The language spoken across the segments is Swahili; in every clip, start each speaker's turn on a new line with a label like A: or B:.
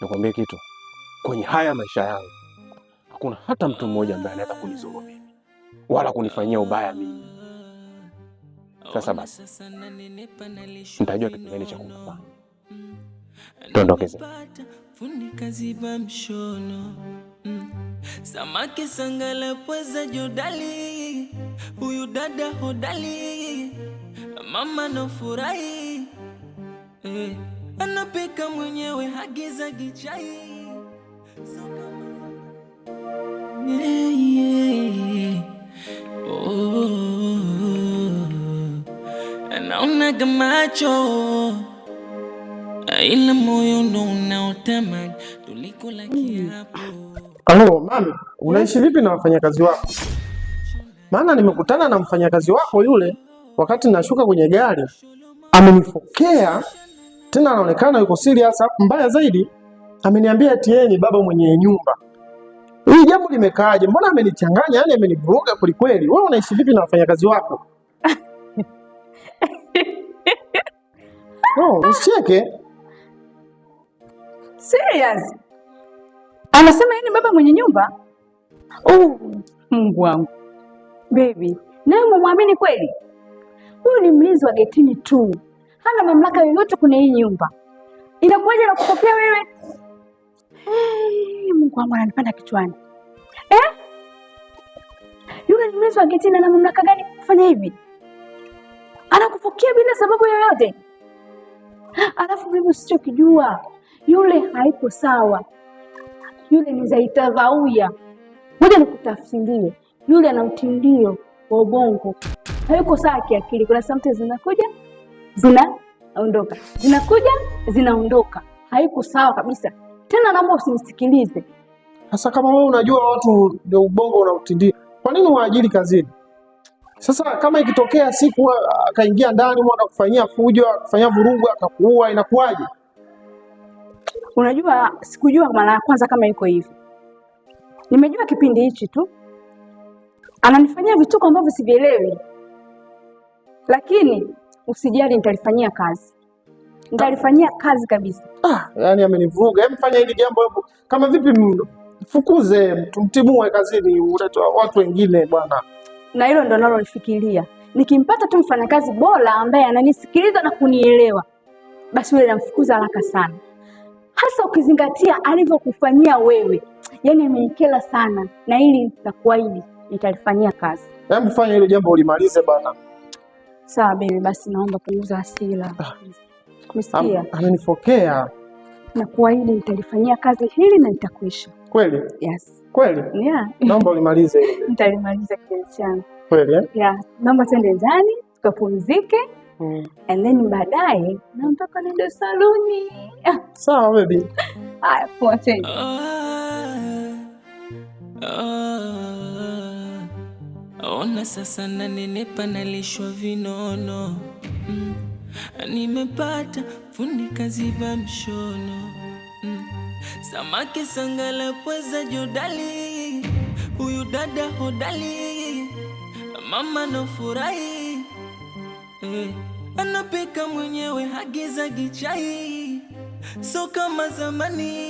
A: Nikwambie kitu, kwenye haya maisha yangu hakuna hata mtu mmoja ambaye anaweza kunizuru mimi wala kunifanyia ubaya mimi. Sasa basi, nitajua kitu gani cha kufanya. Tuondokeze mshono samaki sangala pweza jodali, huyu dada hodali, mama nafurahi eh anapika mwenyewe hagizagi chai yeah, yeah. Oh, anaonaga macho ila moyo ndo unaotamani tuliko la kiapo. Halo mami, unaishi vipi na wafanyakazi wako? Maana nimekutana na mfanyakazi wako yule wakati nashuka kwenye gari amenifokea tena anaonekana yuko serious. Mbaya zaidi ameniambia eti yeye ni baba mwenye nyumba. Hii jambo limekaaje? Mbona amenichanganya, yani amenivuruga kwelikweli. Wewe unaishi vipi na wafanyakazi wako? No, usicheke. Serious. Anasema yeye ni baba mwenye nyumba. Oh, Mungu wangu. Baby, naye umemwamini kweli? Huyu ni mlinzi wa getini tu hana mamlaka yoyote kwenye hii nyumba. Inakuwaje na kutokea wewe? Hey, Mungu wangu ananipanda kichwani eh? Yule mlinzi wa getini ana mamlaka gani kufanya hivi? Anakufukia bila sababu yoyote, alafu mimi sichokijua yule haiko sawa, yule ni zaitavauya. Ngoja nikutafsirie, yule ana utindio wa ubongo, hayuko sawa kiakili. Kuna sometimes zinakuja zinaondoka, zinakuja, zinaondoka. Haiko sawa kabisa. Tena naomba usinisikilize. Sasa kama wewe unajua watu ndio ubongo unautindia, kwa nini waajiri kazini? Sasa kama ikitokea siku akaingia ndani mwa akakufanyia fujo, akakufanyia vurugu, akakuua, inakuwaje? Unajua, sikujua mara ya kwanza kama iko hivi. Nimejua kipindi hichi tu ananifanyia vituko ambavyo sivielewi, lakini Usijali, nitalifanyia kazi, ah. nitalifanyia kazi kabisa. Ah, yani amenivuruga. Hebu fanya hili jambo hapo, kama vipi, mfukuze, tumtimue kazini, ulete watu wengine bwana. Na hilo ndo nalolifikiria, nikimpata tu mfanyakazi bora ambaye ananisikiliza na kunielewa, basi yule namfukuza haraka sana, hasa ukizingatia alivyokufanyia wewe. Yani amenikela sana, na ili nitakuahidi nitalifanyia kazi. Hebu fanya hilo jambo ulimalize bana. Sawa baby, basi naomba punguza hasira. Kusikia?
B: Ah. Ananifokea. Na kuahidi nitalifanyia kazi hili na nitakuisha Kweli? Yes. Kweli? Yeah. Naomba ulimalize hili. Nitalimaliza kiasi yangu. Kweli eh? Yeah. Naomba twende ndani tukapumzike. Mm. And then baadaye nataka niende saluni. Ah. Sawa baby. Haya, poa tena. Ah, Ona sasa nanenepa, nalishwa vinono mm. Nimepata fundi kaziba mshono mm. Samaki sangala pweza jodali, huyu dada hodali, mama nafurahi eh. Anapika mwenyewe hagiza gichai, so kama zamani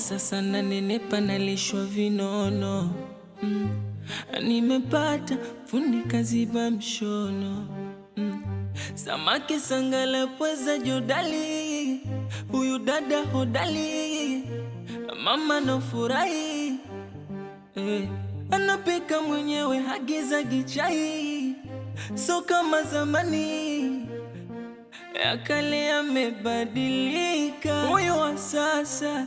B: sasa nanenepa, nalishwa vinono mm. Nimepata fundi kaziba mshono mm. Samaki sangala pweza jodali, huyu dada hodali, mama nafurahi eh. Anapika mwenyewe hagiza gichai so kama zamani akale amebadilika, huyo wa sasa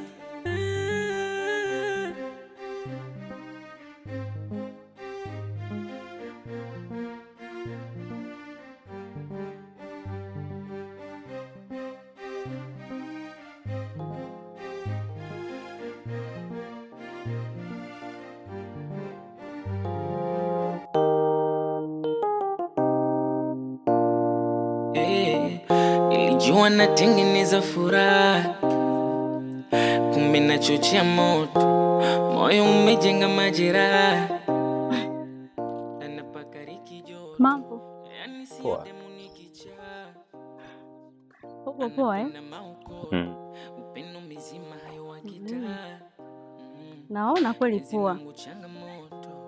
B: wanatengeneza furaha, kumbe nachochea moto, moyo umejenga majeraha. Mambo yaani poa? Uko poa eh?
A: Hmm. Mm-hmm.
B: Mm-hmm. Naona kweli poa,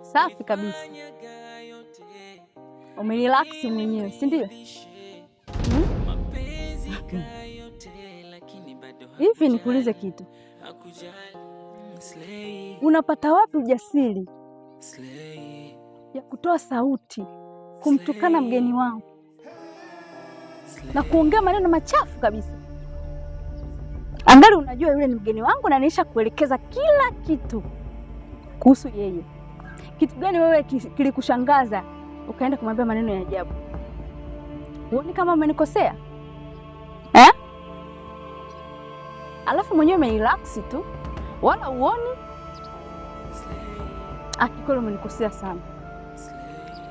B: safi kabisa, umerelax mwenyewe, sindio Hivi nikuulize kitu, unapata wapi ujasiri ya kutoa sauti kumtukana mgeni wangu na kuongea maneno machafu kabisa, angali unajua yule ni mgeni wangu na naisha kuelekeza kila kitu kuhusu yeye. Kitu gani wewe kilikushangaza ukaenda kumwambia maneno ya ajabu? Huoni kama umenikosea? alafu mwenyewe umerelax tu, wala uoni. Akikweli umenikosea sana,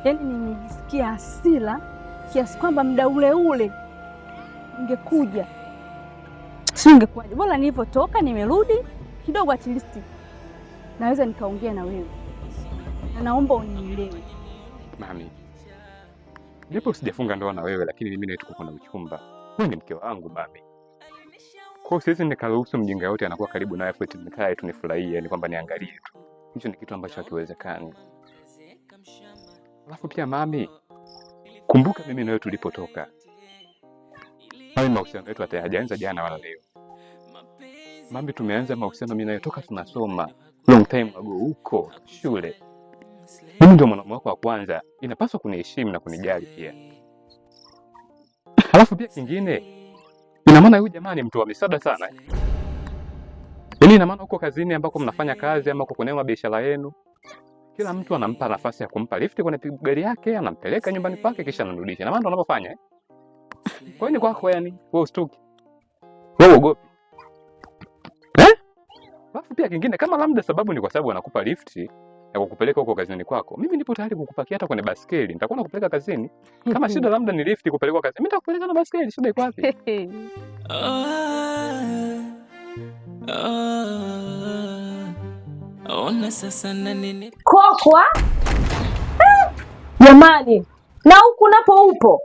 B: yaani nimejisikia hasira kiasi kwamba muda ule ule ungekuja, si ungekuwaje? Bora nilivyotoka nimerudi kidogo, at least naweza nikaongea na wewe, na naomba unielewe
A: mami. Japo sijafunga ndoa na wewe, lakini mimi naituko kuna uchumba. Wewe ni mke wangu mami. Kwa hiyo siwezi nikaruhusu mjinga yote anakuwa karibu nawe eti nikae tu nifurahie, yani kwamba niangalie tu. Hicho ni kitu ambacho hakiwezekani. Alafu pia mami, kumbuka mimi na wewe tulipotoka. Mami, mahusiano yetu hayajaanza jana wala leo. Mami, tumeanza mahusiano mimi na wewe toka tunasoma long time ago huko shule. Mimi ndio mwanaume wako wa kwanza, inapaswa kuniheshimu na kunijali pia. Alafu pia kingine Ina maana huyu jamaa ni mtu wa misada sana. Eh? Yaani ina maana huko kazini ambako mnafanya kazi ama uko kwenye biashara yenu, kila mtu anampa nafasi ya kumpa lift kwenye gari yake, anampeleka nyumbani kwake kisha anamrudisha. Ina maana ndo eh? Kwa nini kwako yani, wewe yaani, usituki. Wewe uogopi. Eh? Alafu pia kingine kama labda sababu ni kwa sababu anakupa lifti ya kukupeleka huko kazini kwako, mimi nipo tayari kukupakia hata kwenye baskeli, nitakuwa nakupeleka kazini. Kama shida labda ni lifti kupelekwa kazini, mimi nitakupeleka na baskeli, shida iko wapi?
B: Ona sasa nani kokwa jamani, na huku napo upo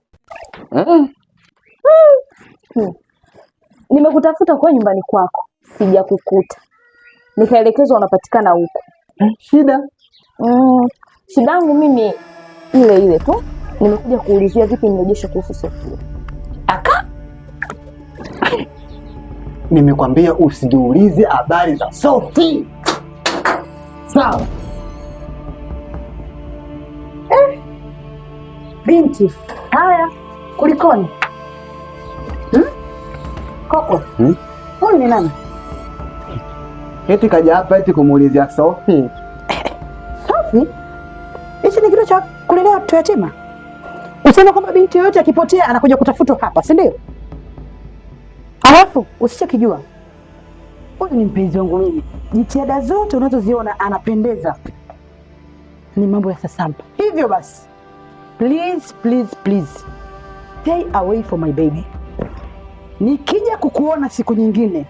B: Nimekutafuta kwa nyumbani kwako sijakukuta, nikaelekezwa unapatikana huku. Shida Mm, shida yangu mimi ile ile tu, nimekuja kuulizia vipi mrejesho kuhusu Sofia. Aka
A: nimekwambia usijiulize habari za Sofia, sawa
B: eh? Binti haya, kulikoni hmm? Koko hmm? huyu hmm? ni nani?
A: Eti kaja hapa eti kumuulizia Sofia
B: safi. Hichi ni kitu cha kulelea watoto yatima. Usema kwamba binti yoyote akipotea anakuja kutafutwa hapa, si ndio? Alafu usichokijua, huyu ni mpenzi wangu mimi. Jitihada zote unazoziona anapendeza, ni mambo ya sasampa. Hivyo basi, please please please stay away from my baby. Nikija kukuona siku nyingine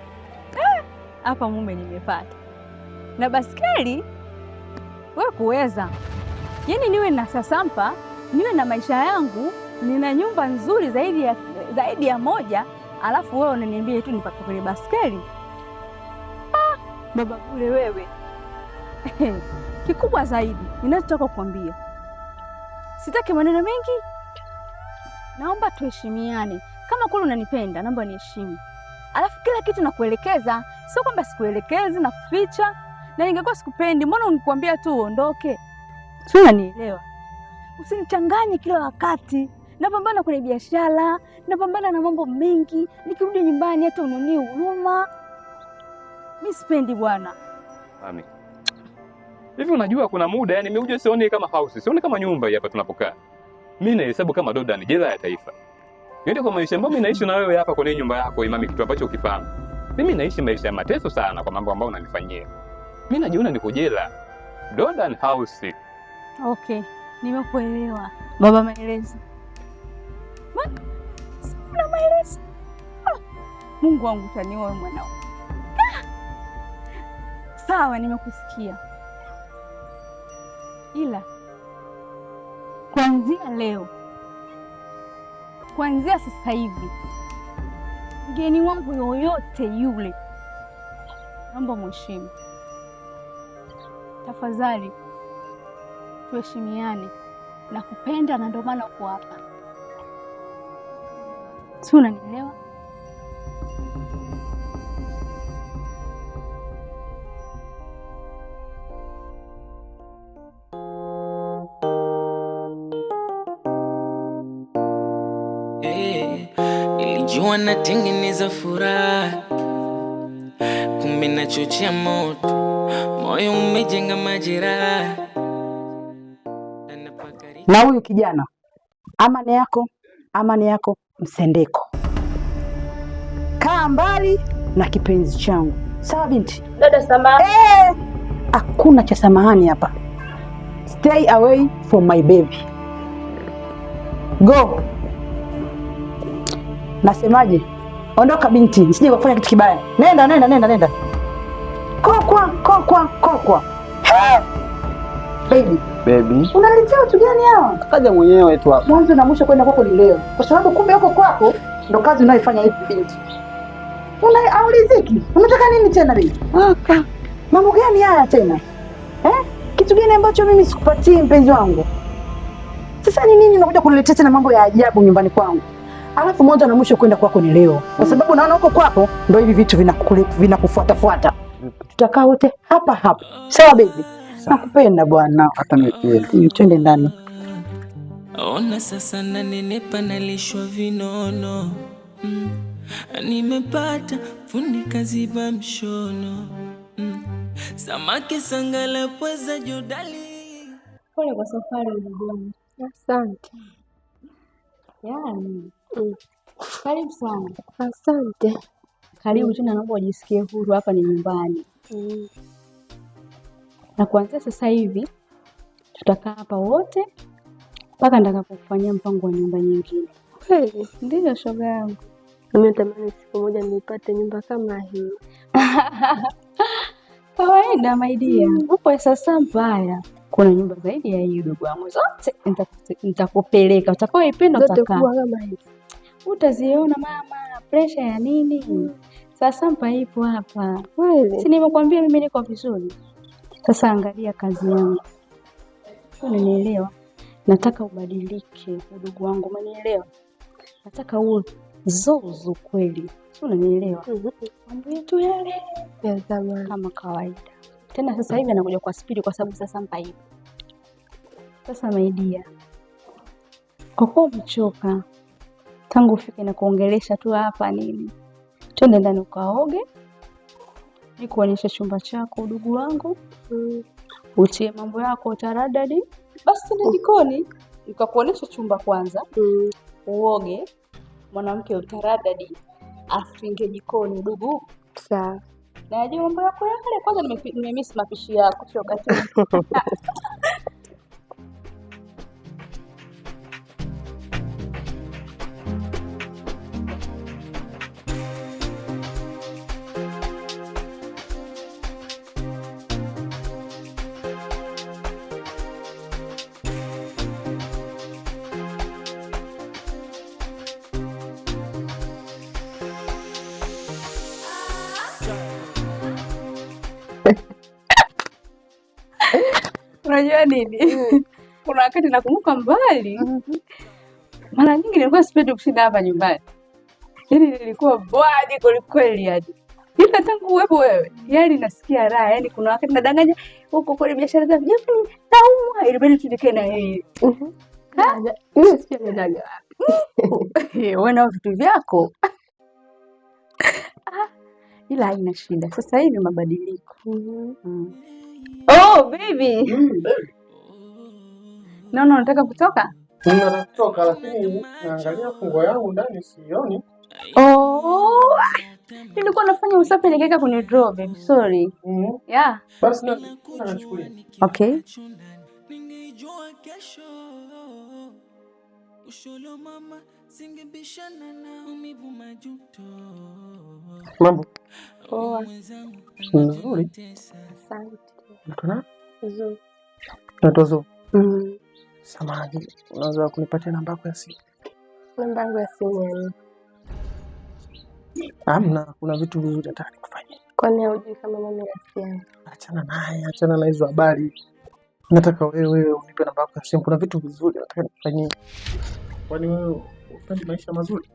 B: ah, hapa, mume nimepata na baskeli wewe kuweza. Yaani niwe na sasampa, niwe na maisha yangu, nina nyumba nzuri zaidi ya, zaidi ya moja, alafu wewe unaniambia tu nipate kwenye baskeli. Ah, baba kule wewe. Kikubwa zaidi ninachotaka kukwambia, sitaki maneno mengi, naomba tuheshimiane. Kama kule unanipenda, naomba niheshimu. Alafu kila kitu nakuelekeza, sio kwamba sikuelekezi na kuficha na ningekuwa sikupendi, mbona unikwambia tu uondoke? Sio, unanielewa? Usinichanganye kila wakati. Napambana kwenye biashara, napambana na mambo mengi, nikirudi nyumbani hata unioni huruma. Mi sipendi bwana.
A: Ami, hivi unajua kuna muda yani mimi nimekuja, sioni kama house, sioni kama nyumba hapa tunapokaa. Mi nahesabu kama doda ni jela ya taifa. Niende kwa maisha ambayo mimi naishi na wewe hapa kwenye nyumba yako, Imami, kitu ambacho ukifahamu mimi naishi maisha ya mateso sana kwa mambo ambayo unanifanyia mi najiona niko jela dodan House.
B: Okay, nimekuelewa baba. Maelezo sina maelezo. Ah! Mungu wangu taniwe mwanao. Ah! Sawa, nimekusikia, ila kuanzia leo, kuanzia sasa hivi, mgeni wangu yoyote yule, naomba mheshimu Tafadhali tuheshimiane na kupenda, na ndio maana uko hapa, si unanielewa? Eh, nilijua natengeneza furaha, kumbe nachochea moto moyo umejenga majeraha. Na huyu kijana, amani yako, amani yako Msendeko, kaa mbali na kipenzi changu. Sawa binti? Dada samahani. Eh, hakuna cha samahani hapa. Stay away from my baby. Go. Nasemaje? Ondoka binti, nisije kufanya kitu kibaya. Nenda, nenda, nenda, nenda kokwa kokwa kokwa. Baby, baby, unaletea watu gani
A: hawa? Kaja mwenyewe
B: tu hapa. Mwanzo na mwisho kwenda kwako ni leo, kwa sababu kumbe huko kwako ndo kazi unaifanya hivi binti. Una auliziki unataka nini tena bibi? Aka. Mambo gani haya tena eh? Kitu gani ambacho mimi sikupatii mpenzi wangu? Sasa ni nini unakuja kuniletea tena mambo ya ajabu nyumbani kwangu? Alafu mwanzo na mwisho kwenda kwako ni leo, kwa sababu naona huko kwako ndo hivi vitu vinakufuatafuata vipi? Tutakaa wote hapa hapa, sawa bebi? Nakupenda bwana.
A: Hata mimi. Mm,
B: mm, twende ndani. Ona sasa nanenepa, nalishwa vinono mm, Nimepata fundi ba mshono Samaki sangala pweza jodali. Pole kwa safari mgoni. Asante. yani. karibu sana. Asante. Karibu mm. tu, naomba wajisikie huru, hapa ni nyumbani. Mm. Na kuanzia sasa hivi tutakaa hapa wote mpaka nitakapokufanyia mpango wa nyumba nyingine. Kweli? Ndio shoga yangu, natamani siku moja nipate nyumba kama hii. Kawaida maidia, mm. upo sasa mbaya kuna nyumba zaidi ya hii ndugu yangu, zote nitakupeleka, utakaoipenda utakaa, utaziona mama. Presha ya nini? Mm. Sasa mpa ipo hapa, si nimekwambia mimi niko vizuri. Sasa angalia kazi yangu, unanielewa? Nataka ubadilike, udugu wangu, umenielewa? Nataka uwe zozo kweli, unanielewa? Mm-hmm. Mambo yetu yale ya zamani kama kawaida tena. Sasa hivi anakuja kwa spidi, kwa sababu sasa mpa ipo sasa, maidia kwa kuwa umechoka tangu ufike na kuongelesha tu hapa nini. Twende ndani ukaoge, nikuonyesha chumba chako udugu wangu, utie mambo yako taradadi. Basi tende jikoni nikakuonyesha chumba kwanza, uoge mwanamke, utaradadi afringe jikoni udugu. Sawa, najua mambo yako yale. Kwanza nimemisi mapishi yako sio kati unajua nini? Mm. Kuna wakati nakumbuka mbali, mara nyingi nilikuwa sipendi kushinda hapa nyumbani, yaani nilikuwa bwaji kwelikweli, yani ila tangu uwepo wewe, yani nasikia raha. yani kuna wakati nadanganya huko kwenye biashara za jamani, naumwa, ilibidi tunikae na yeye mhm. wewe na vitu vyako ah, ila haina shida. Sasa hii ni mabadiliko mhm. mm -hmm. mm. Oh, baby. Mm, baby. No, no, nataka kutoka
A: kutoka, lakini naangalia fungo yangu ndani
B: sioni. Oh, nilikuwa nafanya usafi nikaweka kwenye drawer, baby. Sorry. Mm
A: Yeah. Basi na nachukulia. Okay. Mambo. Poa. Asante. Mtuna? Zuchu. Mtoto Zuchu. Mm. Samahani, unaweza kunipatia namba yako ya simu?
B: Namba yangu ya simu yani.
A: Hamna, kuna vitu vizuri nataka nikufanyie.
B: Kwani hujui kama mimi rafiki yangu?
A: Achana naye, achana na hizo habari. Nataka wewe unipe namba yako ya simu. Kuna vitu vizuri nataka nikufanyie. Kwani wewe upendi maisha mazuri?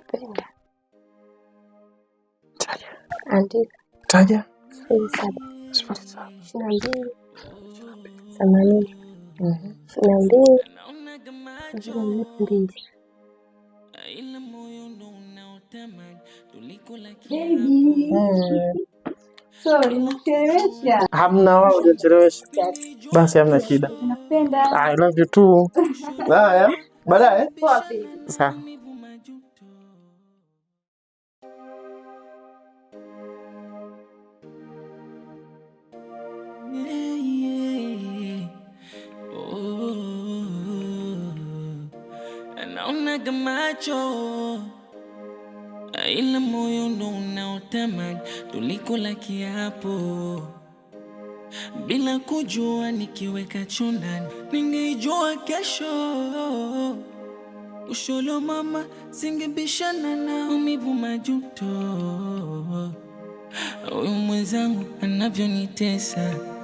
A: Napenda. Taja.
B: Andika. Taja sifuri saba ishirini na mbili themanini ishirini na mbili ishirini mbili
A: Hamna wao hujachelewesha, basi hamna shida. I love you too. baadaye.
B: Eh.
A: Sawa. nacho, ila moyo ndo unaotamani. Tulikula kiapo bila kujua, nikiweka chondani ningeijua kesho. Usholo mama, singebishana na umivu, majuto. Huyu mwenzangu anavyonitesa